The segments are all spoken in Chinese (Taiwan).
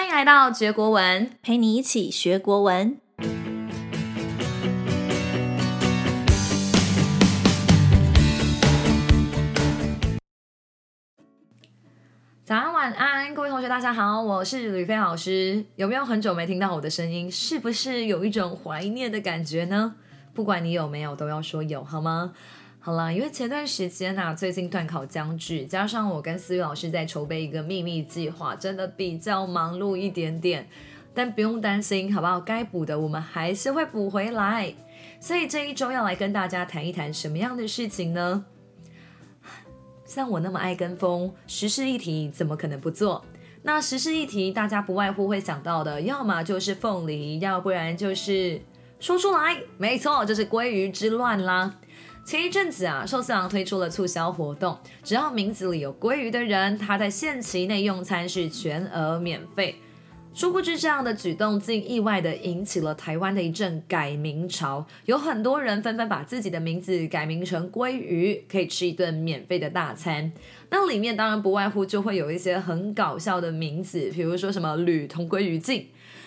歡迎來到學國文，陪你一起學國文。早安晚安，各位同學，大家好，我是呂飛老師。有沒有很久沒聽到我的聲音？是不是有一種懷念的感覺呢？不管你有沒有，都要說有，好嗎？好啦，因為前段時間呢、啊，最近段考將至，加上我跟思雨老師在籌備一個秘密計劃，真的比較忙碌一點點，但不用擔心，好不好？該補的我們還是會補回來。所以這一周要來跟大家談一談什麼樣的事情呢？像我那麼愛跟風，時事議題怎麼可能不做？那時事議題大家不外乎會想到的，要麼就是鳳梨，要不然就是說出來，沒錯，就是鮭魚之亂啦。前一陣子啊，壽司郎推出了促銷活動，只要名字裡有“鮭魚”的人，他在限期內用餐是全額免費。殊不知這樣的舉動竟意外地引起了台灣的一陣改名潮，有很多人紛紛把自己的名字改名成“鮭魚”，可以吃一頓免費的大餐。那裡面當然不外乎就會有一些很搞笑的名字，比如說什麼“呂同鮭魚盡”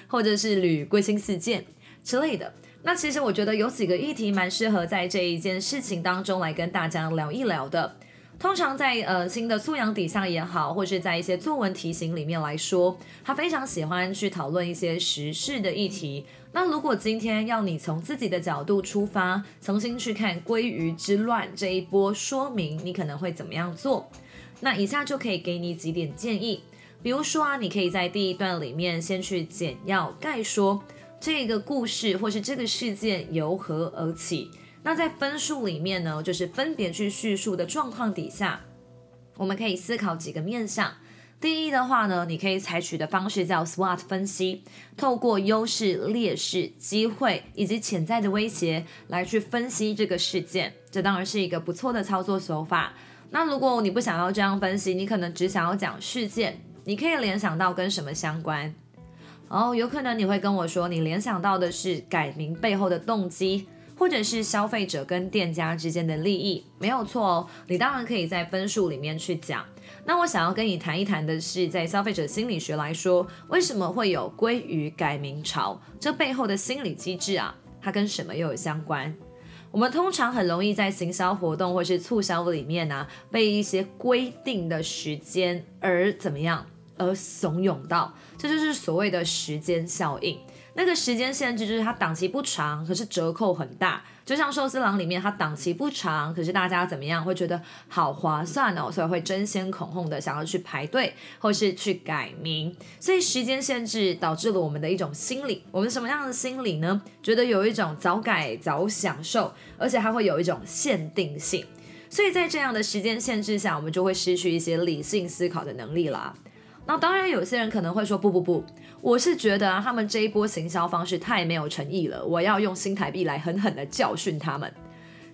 或者是“呂歸心似箭”之類的。那其實我覺得有幾個議題蠻適合在這一件事情當中來跟大家聊一聊的。通常在呃新的素養底下也好，或是在一些作文題型裡面來說，他非常喜歡去討論一些時事的議題。那如果今天要你從自己的角度出發，重新去看“鮭魚之亂”這一波，說明你可能會怎麼樣做？那以下就可以給你幾點建議。比如說啊，你可以在第一段裡面先去簡要概說。這個故事或是這個事件由何而起？那在分數裡面呢，就是分別去敘述的狀況底下，我們可以思考幾個面向。第一的話呢，你可以採取的方式叫 SWOT 分析，透過優勢、劣勢、機會以及潛在的威脅，來去分析這個事件。這當然是一個不錯的操作手法。那如果你不想要這樣分析，你可能只想要講事件，你可以聯想到跟什麼相關？哦、oh,，有可能你會跟我說，你聯想到的是改名背後的動機，或者是消費者跟店家之間的利益，沒有錯哦。你當然可以在分數裡面去講。那我想要跟你談一談的是，在消費者心理學來說，為什麼會有鮭魚改名潮？這背後的心理機制啊，它跟什麼又有相關？我們通常很容易在行銷活動或是促銷裡面呢、啊，被一些規定的時間而怎麼樣？而慫恿到，這就是所謂的時間效應。那個時間限制就是它檔期不長，可是折扣很大。就像壽司郎裡面，它檔期不長，可是大家怎麼樣會覺得好划算哦，所以會爭先恐後的想要去排隊，或是去改名。所以時間限制導致了我們的一種心理，我們什麼樣的心理呢？覺得有一種早改早享受，而且還會有一種限定性。所以在這樣的時間限制下，我們就會失去一些理性思考的能力了。那當然，有些人可能會說：“不不不，我是覺得、啊、他們這一波行銷方式太沒有誠意了。我要用新台幣來狠狠地教訓他們，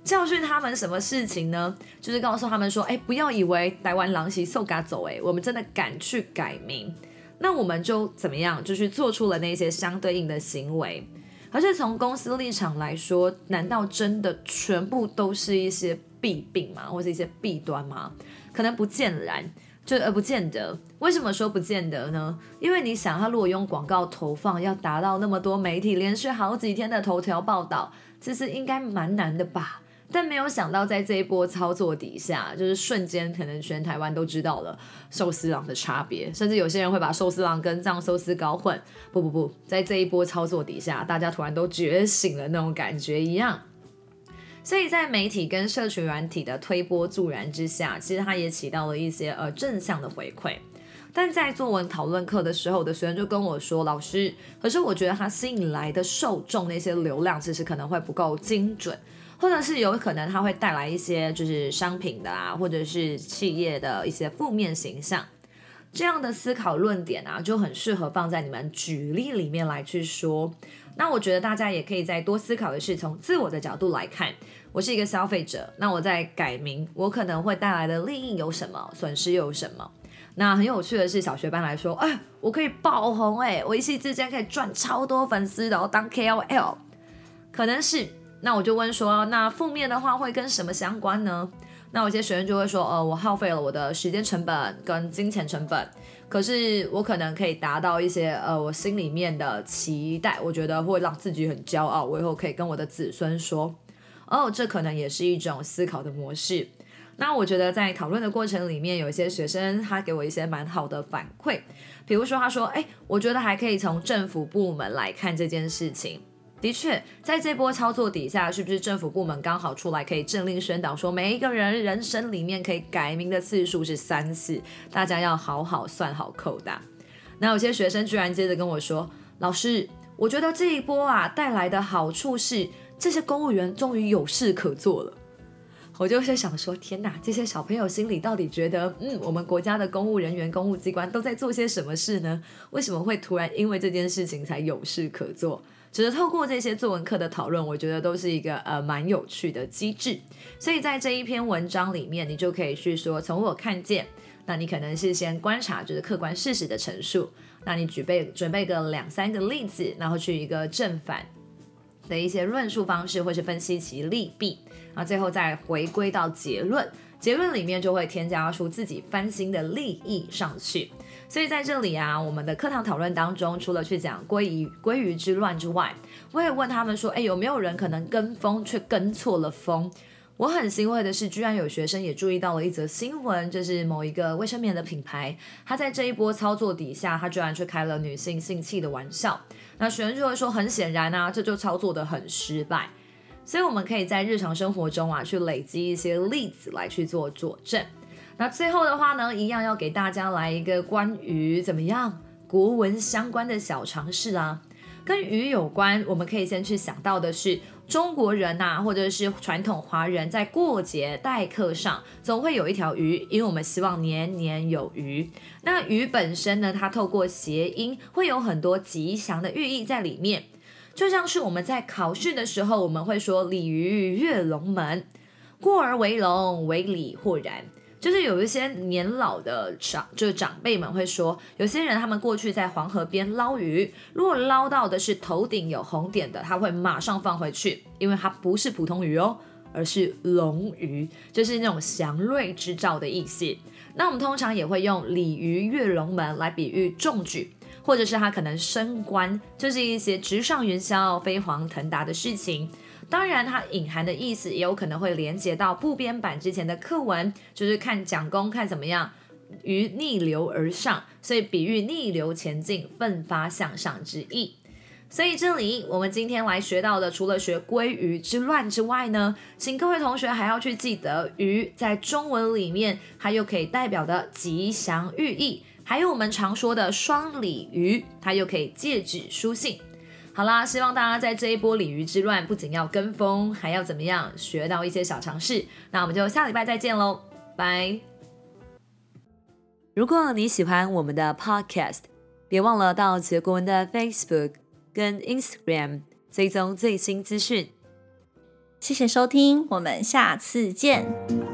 教訓他們什麼事情呢？就是告訴他們說：哎、欸，不要以為台灣狼襲受噶走、欸，哎，我們真的敢去改名。那我們就怎麼樣？就是做出了那些相對應的行為。可是從公司立場來說，難道真的全部都是一些弊病嗎？或者一些弊端嗎？可能不見然，就而不見得。為什麼說不見得呢？因為你想，他如果用廣告投放，要達到那麼多媒體連續好幾天的頭條報道，其實應該蠻難的吧？但沒有想到，在這一波操作底下，就是瞬間可能全台灣都知道了壽司郎的差別，甚至有些人會把壽司郎跟藏壽司搞混。不不不，在這一波操作底下，大家突然都覺醒了那種感覺一樣。所以在媒體跟社群軟體的推波助瀾之下，其實它也起到了一些呃正向的回饋。但在作文討論課的時候，我的學生就跟我說：“老師，可是我覺得他吸引來的受眾那些流量，其實可能會不夠精準，或者是有可能他會帶來一些就是商品的啊，或者是企業的一些負面形象。”這樣的思考論點啊，就很適合放在你們舉例裡面來去說。那我覺得大家也可以再多思考的是，從自我的角度來看，我是一個消費者，那我在改名，我可能會帶來的利益有什麼，損失又有什麼？那很有趣的是，小學班來說，哎、欸，我可以爆紅哎、欸，我一夕之間可以賺超多粉絲，然後當 KOL，可能是，那我就問說，那負面的話會跟什麼相關呢？那有些學員就會說，呃，我耗費了我的時間成本跟金錢成本，可是我可能可以達到一些呃，我心裡面的期待，我覺得會讓自己很驕傲，我以後可以跟我的子孫說，哦，這可能也是一種思考的模式。那我覺得，在討論的過程裡面，有一些學生他給我一些蠻好的反饋，比如說他說：“誒、欸，我覺得還可以從政府部門來看這件事情。的確，在這波操作底下，是不是政府部門剛好出來可以政令宣導說，說每一個人人生裡面可以改名的次數是三次，大家要好好算好扣打。”那有些學生居然接着跟我說：“老師，我覺得這一波啊帶來的好處是，這些公務員終於有事可做了。”我就是想說，天哪，這些小朋友心裡到底覺得，嗯，我們國家的公務人員、公務機關都在做些什麼事呢？為什麼會突然因為這件事情才有事可做？只是透過這些作文課的討論，我覺得都是一個呃蠻有趣的機制。所以在這一篇文章裡面，你就可以去說，從我看見，那你可能是先觀察，就是客觀事實的陳述，那你舉備準備個兩三個例子，然後去一個正反，的一些論述方式，或是分析其利弊，啊，最後再回歸到結論，結論裡面就會添加出自己翻新的利益上去。所以在這裡啊，我們的課堂討論當中，除了去講“鮭魚鮭魚之亂”之外，我也問他們說，誒，有沒有人可能跟風卻跟錯了風？我很欣慰的是，居然有學生也注意到了一則新聞，就是某一個衛生棉的品牌，他在這一波操作底下，他居然去開了女性性器的玩笑。那學生就會說，很顯然啊，這就操作得很失敗。所以，我們可以在日常生活中啊，去累積一些例子來去做佐證。那最後的話呢，一樣要給大家來一個關於怎麼樣國文相關的小嘗試啊，跟魚有關，我們可以先去想到的是。中國人吶、啊，或者是傳統華人，在過節待客上，總會有一條魚，因為我們希望年年有餘。那魚本身呢，它透過諧音，會有很多吉祥的寓意在裡面。就像是我們在考試的時候，我們會說“鯉魚躍龍門”，過而為龍，為鯉，豁然。就是有一些年老的長，就是長輩們會說，有些人他們過去在黃河邊撈魚，如果撈到的是頭頂有紅點的，他會馬上放回去，因為它不是普通魚哦，而是龍魚，就是那種祥瑞之兆的意思。那我們通常也會用鯉魚躍龍門來比喻中舉，或者是他可能升官，就是一些直上雲霄、飛黃騰達的事情。當然，它隱含的意思也有可能會連接到部編版之前的課文，就是看蔣公看怎麼樣，魚逆流而上，所以比喻逆流前進、奮發向上之意。所以這裡我們今天來學到的，除了學“鮭魚之亂”之外呢，請各位同學還要去記得，魚在中文裡面它又可以代表的吉祥寓意，還有我們常說的“雙鯉魚”，它又可以借指書信。好啦，希望大家在這一波鮭魚之亂，不僅要跟風，還要怎麼樣學到一些小常識？那我們就下禮拜再見嘍，拜！如果你喜歡我們的 Podcast，別忘了到杰國文的 Facebook 跟 Instagram 追蹤最新資訊。謝謝收聽，我們下次見。